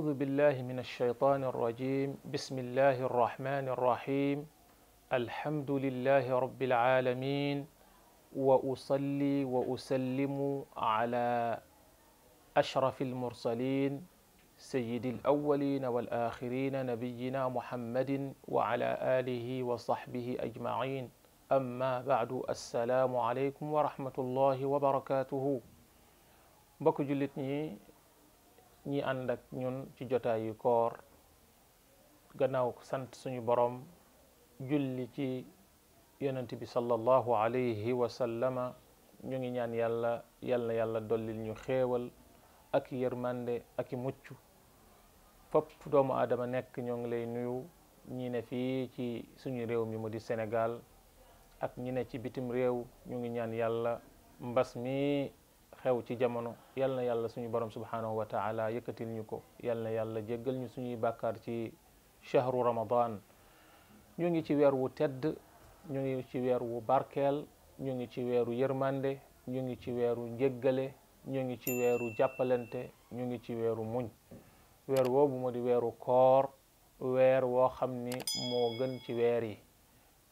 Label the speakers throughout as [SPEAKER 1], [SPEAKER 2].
[SPEAKER 1] أعوذ بالله من الشيطان الرجيم بسم الله الرحمن الرحيم الحمد لله رب العالمين وأصلي وأسلم على أشرف المرسلين سيد الأولين والآخرين نبينا محمد وعلى آله وصحبه أجمعين أما بعد السلام عليكم ورحمة الله وبركاته بكو جلتني ñi ànd ak ñun ci jotaay yu koor gannaaw sant suñu borom julli ci yonent bi salallahu alayhi wa sallama ñu ngi ñaan yàlla yàll na yàlla dollil ñu xéewal ak yërmande ak i mucc fépp doomu aadama nekk ñoo ngi lay nuyu ñi ne fii ci suñu réew mi mu di sénégal ak ñi ne ci bitim réew ñu ngi ñaan yàlla mbas mii xew ci jamono yal na yàlla suñu borom subhaanahu wa taala yëkkatil ñu ko yal na yàlla jéggal ñu suñuy bàkkaar ci chahru ramadan ñu ngi ci weer wu tedd ñu ngi ci weer wu barkeel ñu ngi ci weeru yërmande ñu ngi ci weeru njéggale ñu ngi ci weeru jàppalante ñu ngi ci weeru muñ weer woobu moo di weeru koor weer woo xam ni moo gën ci weer yi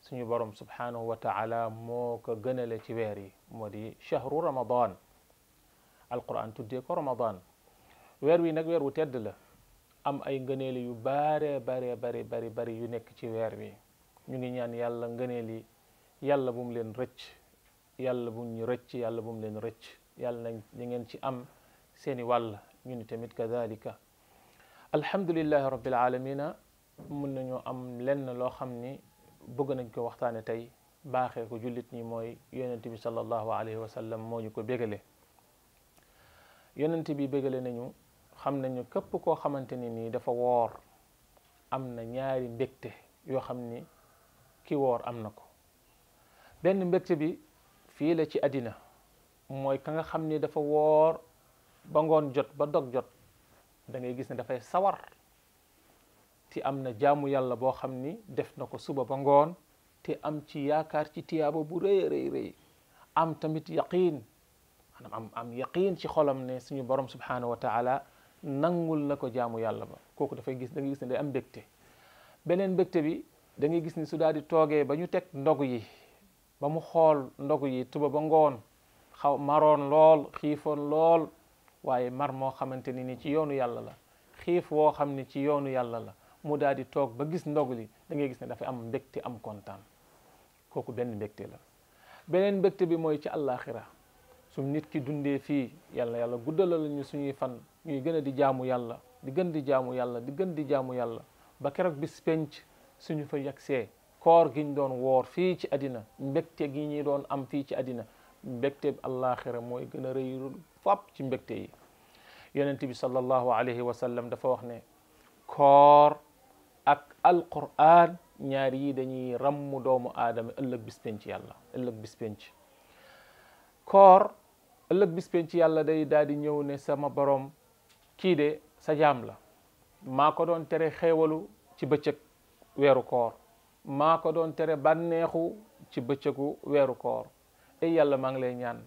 [SPEAKER 1] suñu borom subhaanahu wa taala moo ko gënale ci weer yi moo di chahru ramadan alquran tudde ko ramadan weer wi nag weer wu tedd la am ay ngëneeli yu bare bare bare bari bari yu nekk ci weer wi ñu ngi ñaan yàlla ngëneel yi yàlla bu mu leen rëcc yàlla bu ñu rëcc yàlla bu mu leen rëcc yàlla nañ ñu ngeen ci am seeni wàll ñu ni tamit kadalika alhamdulillahi rabbil alamina mun nañoo am lenn loo xam ni bëgg nañ ko waxtaane tey baaxee ko jullit ñi mooy yonent bi sallallahu alayhi wa sallam moo ñu ko bégale yonent bi bëggale nañu xam nañu képp koo xamante ni nii dafa woor am na ñaari mbégte yoo xam ni ki woor am na ko benn mbégte bi fii la ci àddina mooy ka nga xam ni dafa woor ba ngoon jot ba dog jot dangay gis ne dafay sawar ti am na jaamu yàlla boo xam ni def na ko suba ba ngoon te am ci yaakaar ci tiyaaba bu rëy rëy rëy am tamit yaqiin maanaam am am yaqiin ci xolam ne suñu borom subhanahu wa taala nangul na ko jaamu yàlla ba kooku dafay gis da ngay gis day am mbégte beneen mbégte bi dangay gis ni su daal di toogee ba ñu teg ndogu yi ba mu xool ndogu yi tuba ba ngoon xaw maroon lool xiifoon lool waaye mar moo xamante ni ni ci yoonu yàlla la xiif woo xam ne ci yoonu yàlla la mu daal di toog ba gis ndogu li dangay gis ne dafay am mbégte am kontaan kooku benn mbégte la beneen mbégte bi mooy ci àllaaxira su nit ki dundee fii yàlla yàlla guddalal ñu suñuy fan ñuy gën a di jaamu yàlla di gën di jaamu yàlla di gën di jaamu yàlla ba keroog bis penc ñu fa yagsee koor gi ñu doon woor fii ci àddina mbekte gi ñuy doon am fii ci àddina mbégte bi àllaaxira mooy gën a rëyul fàpp ci mbégte yi yonent bi sallallahu alayhi wa sallam dafa wax ne koor ak alquran ñaar yi dañuy ràmm doomu aadama ëllëg bis penc yàlla ëllëg ëllëg bis ci yàlla day daal di ñëw ne sama boroom kii de sa jaam la maa ko doon tere xéewalu ci bëccëg weeru koor maa ko doon tere bànneexu ci bëccëgu weeru koor ay yàlla maa ngi lay ñaan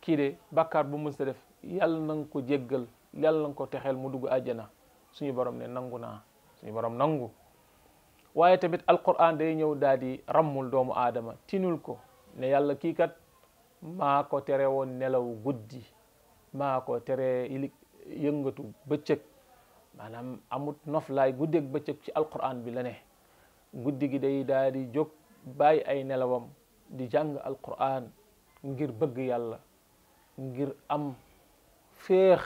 [SPEAKER 1] kii de bàkkaar bu mës sa def yàlla na ko jéggal yàlla na nga ko texeel mu dugg àjjana suñu borom ne nangu naa suñu borom nangu waaye tamit alquran day ñëw daal di rammul doomu aadama tinul ko ne yàlla kii kat maa ko tere woon nelaw guddi maa ko tere yëngatu bëccëg maanaam amut noflaay guddeeg bëccëg ci alquraan bi la ne guddi gi day daal di jóg bàyyi ay nelawam di jàng alquran ngir bëgg yàlla ngir am féex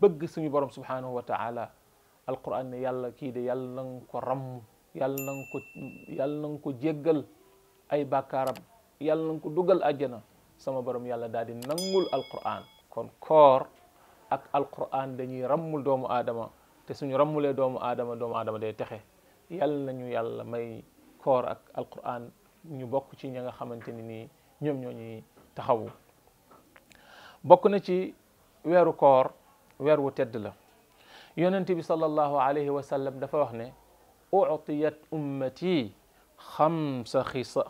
[SPEAKER 1] bëgg suñu borom subhanahu wa taala alquran ne yàlla kii de yàlla nanga ko ram yàlla nanga ko yàlla ay bàkkaaram yàlla na ko dugal àjjana sama borom yàlla daal di nangul alquran kon koor ak alquran dañuy rammul doomu aadama te suñu rammulee doomu aadama doomu aadama day texe yàlla nañu yàlla may koor ak alquran ñu bokk ci ña nga xamante ni nii ñoom ñoo ñuy taxawu bokk na ci weeru koor weer wu tedd la yonent bi sallallahu alayhi wa dafa wax ne utiyat ummati خمس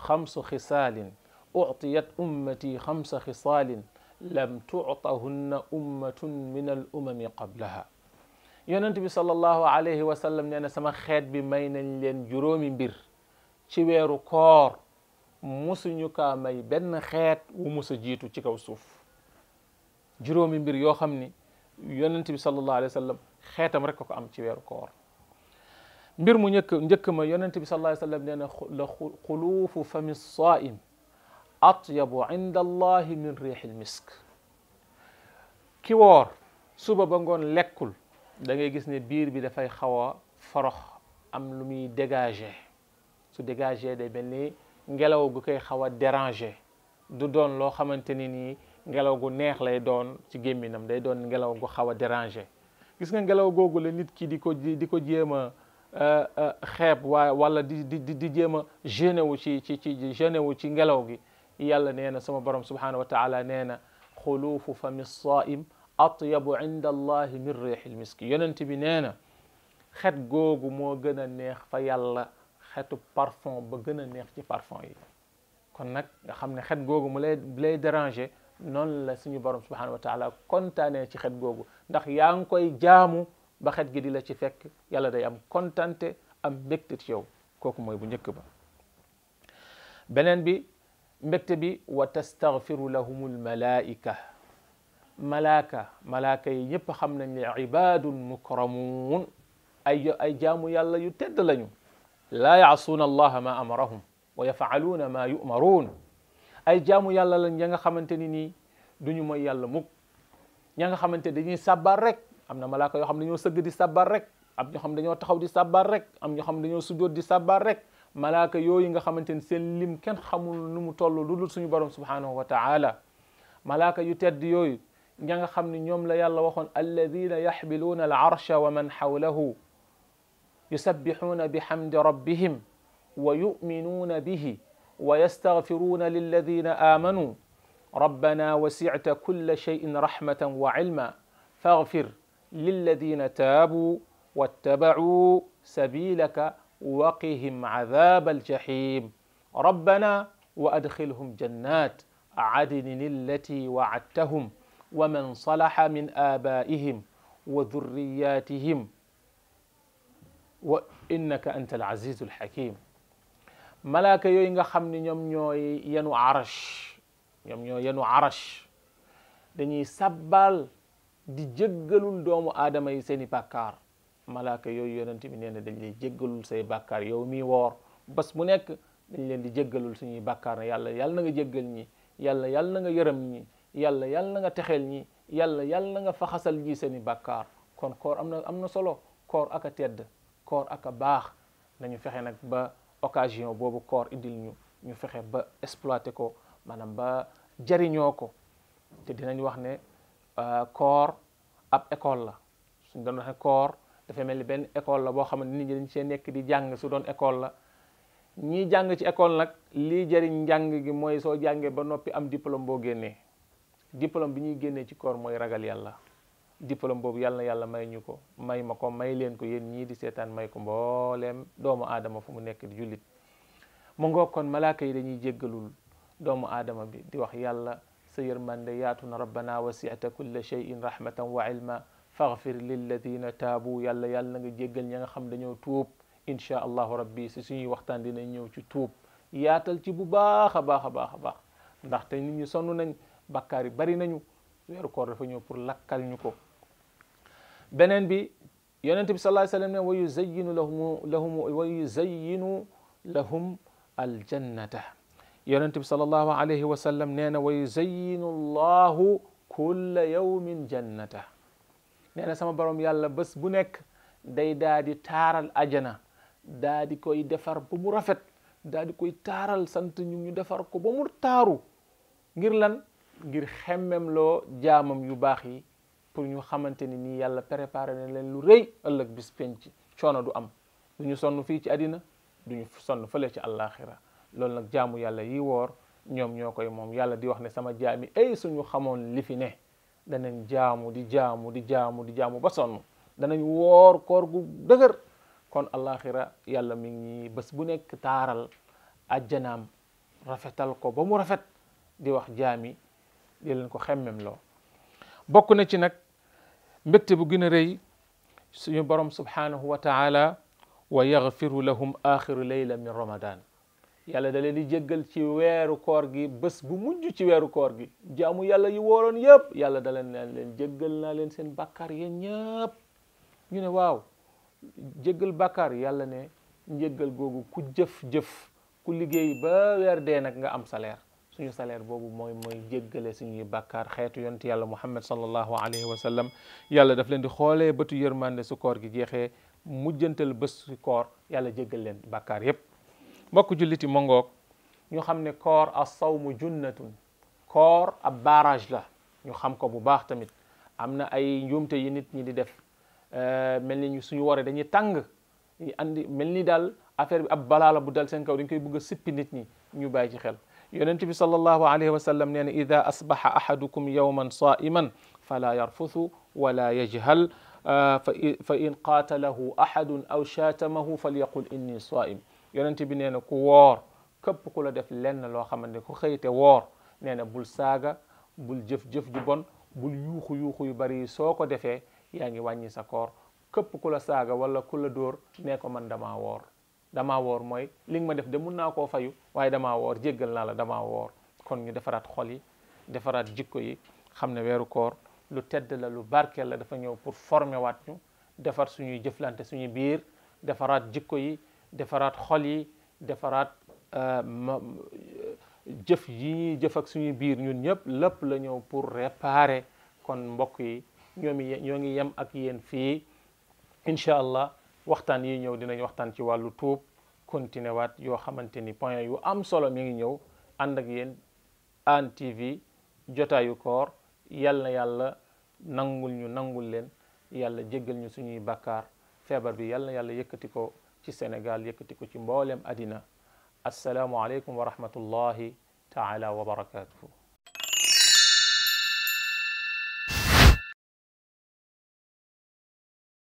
[SPEAKER 1] خمس خصال أعطيت أمتي خمس خصال لم تعطهن أمة من الأمم قبلها يونس صلى الله عليه وسلم نانا سما خيت بمين لين جروم بير تي ويرو كور موسو ماي بن خيت وموسو جيتو تي كاو سوف جروم بير يو خامني يونس صلى الله عليه وسلم خيتام ركو ام تي ويرو كور mbir mu njëkk njëkk ma yonent bi sallallahu alayhi wa sallam nee na la xuluufu fami saa'im atyabu inda allahi min riixil misk ki woor suba ba ngoon lekkul da ngay gis ne biir bi dafay xaw a forox am lu muy dégagé su dégagé day mel ni ngelaw gu koy xaw a dérangé du doon loo xamante ni nii ngelaw gu neex lay doon ci gémminam day doon ngelaw gu xaw a dérangé gis nga ngelaw googu la nit ki di ko di ko jéem a xeeb wala di di di jéem a gêné wu ci ci ci gêné wu ci ngelaw gi yàlla nee na sama borom subhanahu wa taala nee na xuluufu fami saim atyabu inda allahi min riixil miski yonent bi nee na xet googu moo gën a neex fa yàlla xetu parfum ba gën a neex ci parfum yi kon nag nga xam ne xet googu mu lay lay déranger noonu la suñu borom subhanahu wa taala kontaanee ci xet googu ndax yaa ngi koy jaamu ba xet gi di la ci fekk yàlla day am kontante am mbégte ci yow kooku mooy bu njëkk ba beneen bi mbégte bi wa tastaghfiru lahumul malaika malaaka malaaka yi ñëpp xam nañ ne ibadun mukramun ay ay jaamu yàlla yu tedd lañu laa yaasuuna allaha ma amarahum wa yafaaluuna ma yumaruun ay jaamu yàlla lañ ya nga xamante ni nii duñu mooy yàlla mukk ña nga xamante dañuy sàbbaar rek am malaka yo yoo xam dañoo seug di sabbar rek am ñoo xam dañoo taxaw di sabbar rek am ñoo xam dañoo sujjo di sabbar rek yo yi nga xamanteni ni seen lim ken xamul nu mu tollu lu dul suñu borom subhanahu wa taala malaka yu tedd yoy nga nga xam ne ñoom la yàlla waxon alladhina yaxmiluuna al'arsha wa man hawlahu yusabbixuuna bihamdi rabbihim wa yuminuuna bihi wa yastaghfiruuna lilladina aamanuu rabbana wasicta kulla cheyin rahmatan wa ilma للذين تابوا واتبعوا سبيلك وقهم عذاب الجحيم ربنا وادخلهم جنات عدن التي وعدتهم ومن صلح من ابائهم وذرياتهم وانك انت العزيز الحكيم ملاك yooyu nga xam ne ñoom ñooy yenu arash ñoom ñooy yenu arash di jëggalul doomu aadama yi seeni bàkkaar malaaka yooyu yonent bi nee na dañ lay jéggalul say bàkkaar yow mii woor bés mu nekk dañ leen di jëggalul suñuy bàkkaar ne yàlla yàlla na nga jéggal ñi yàlla yàlla na nga yërëm ñi yàlla yàlla na nga texeel ñi yàlla yàlla na nga faxasal ñi seen i bàkkaar kon koor am na am na solo koor ak a tedd koor ak a baax nañu fexe nag ba occasion boobu koor indil ñu ñu fexe ba exploité ko maanaam ba jariñoo ko te dinañu wax ne Euh, koor ab école la suñ doon waxee koor dafay mel ni benn école la boo xam ne nit ñi dañ see nekk di jàng su doon école la ñii jàng ci école nag lii jëriñ njàng gi mooy soo jàngee ba noppi am diplôme boo génnee diplôme bi ñuy génnee ci koor mooy ragal yàlla diplôme boobu yàlla yàlla may ñu ko may ma ko may leen ko yéen ñii di seetaan may ko mbooleem doomu aadama fu mu nekk di jullit mu ngoog kon malaaka yi dañuy jéggalul doomu aadama bi di wax yàlla سير من لياتنا ربنا وسعت كل شيء رحمة وعلما فاغفر للذين تابوا يلا يلا نجيجل نيان خمد نيو توب إن شاء الله ربي سيسيني وقتان دينا نيو توب ياتل تيبو باخ باخ باخ باخ نحت نيو سنو نيو بكاري باري نيو ويرو كور فنيو پر لكال نيوكو بنين بي يونان تبي صلى الله عليه وسلم ويزين لهم, لهم ويزين لهم الجنة yonent bi sallallahu alayhi wa sallam nee na wa yuzayyinu llahu kulla yawmin jannata nee na sama borom yàlla bés bu nekk day daa taaral ajana daadi koy defar ba mu rafet daa di koy taaral sant ñu ñu defar ko ba mu taaru ngir lan ngir xemmem loo jaamam yu baax yi pour ñu xamante ni nii yàlla préparé na leen lu rëy ëllëg bis penc coono du am du ñu sonn fii ci àddina du ñu sonn fële ci àllaaxira loolu nak jaamu yàlla yi wor ñom ñokoy mom yàlla di wax ne sama jaami ay suñu xamoon li fi ne danañ jaamu di jaamu di jaamu di jaamu ba sonn danañ wor koor gu deugar kon alaxira yàlla mi ngi bés bu nek taral aljanam rafetal ko ba mu rafet di wax jaami di leen ko xemmem lo bokku na ci nak mbekté bu gëna reey suñu borom subhanahu wa taala ويغفر لهم آخر ليلة من رمضان yàlla da leen di jëggal ci weeru koor gi bës bu mujj ci weeru koor gi jaamu yàlla yi wóoroon yëpp yàlla da leen naan leen naa leen seen bàkkaar yéen ñëpp ñu ne waaw jéggal bakkaar yàlla ne njéggal googu ku jëf-jëf ku liggéey ba weer dee nag nga am salaire suñu salaire boobu mooy mooy jéggale suñuy bàkkaar xeetu yonent yàlla muhammad sallallahu alayhi wa sallam yàlla daf leen di xoolee bëtu yërmande su koor gi jeexee mujjantal bës su koor yàlla jéggal leen bàkkaar yépp mbokk julliti mongok ñu xam ne koor as sawmu junnatun koor ab barrage la ñu xam ko bu baax tamit am na ay njuumte yi nit ñi di def mel ni suñu wore dañuy tàng yi andi mel ni daal affaire bi ab balaa bu dal seen kaw dañ koy bëgg a sippi nit ñi ñu bàyyi ci xel yonent bi sallallahu alayhi wa sallam nee na ida asbaxa ahadukum yawman saiman fala yarfuthu wala yajhal fa in qaatalahu ahadun aw shaatamahu falyaqul inni yonent bi nee na ku woor këpp ku la def lenn loo xamante ne ku xëyte woor nee na bul saaga bul jëf-jëf ju bon bul yuuxu yuuxu yu bari soo ko defee yaa ngi wàññi sa koor képp ku la saaga wala ku la dóor nee ko man dama woor dama woor mooy li ma def de mun naa koo fayu waaye dama woor jéggal naa la dama woor kon ñu defaraat xol yi defaraat jikko yi xam ne weeru koor lu tedd la lu barkeel la dafa ñëw pour former waat ñu defar suñuy jëflante suñu biir defaraat jikko yi defaraat xol yi defaraat euh, jëf yi ñuy jëf ak suñu biir ñun ñëpp lépp la ñëw pour réparer kon mbokk yi ñoom ñoo ngi yem ak yéen fii incha allah waxtaan yi ñëw dinañ waxtaan ci wàllu tuub continué waat yoo xamante ni point yu am solo mi ngi ñëw ànd ak yéen Hann TV jotaayu koor yal na yàlla nangul ñu nangul leen yàlla jéggal ñu suñuy bàkkaar feebar bi yal na yàlla yëkkati ko ci Sénégal yëkkati ko ci mboolem adina assalaamu alaykum wa rahmatullahi taala wa barakaatuhu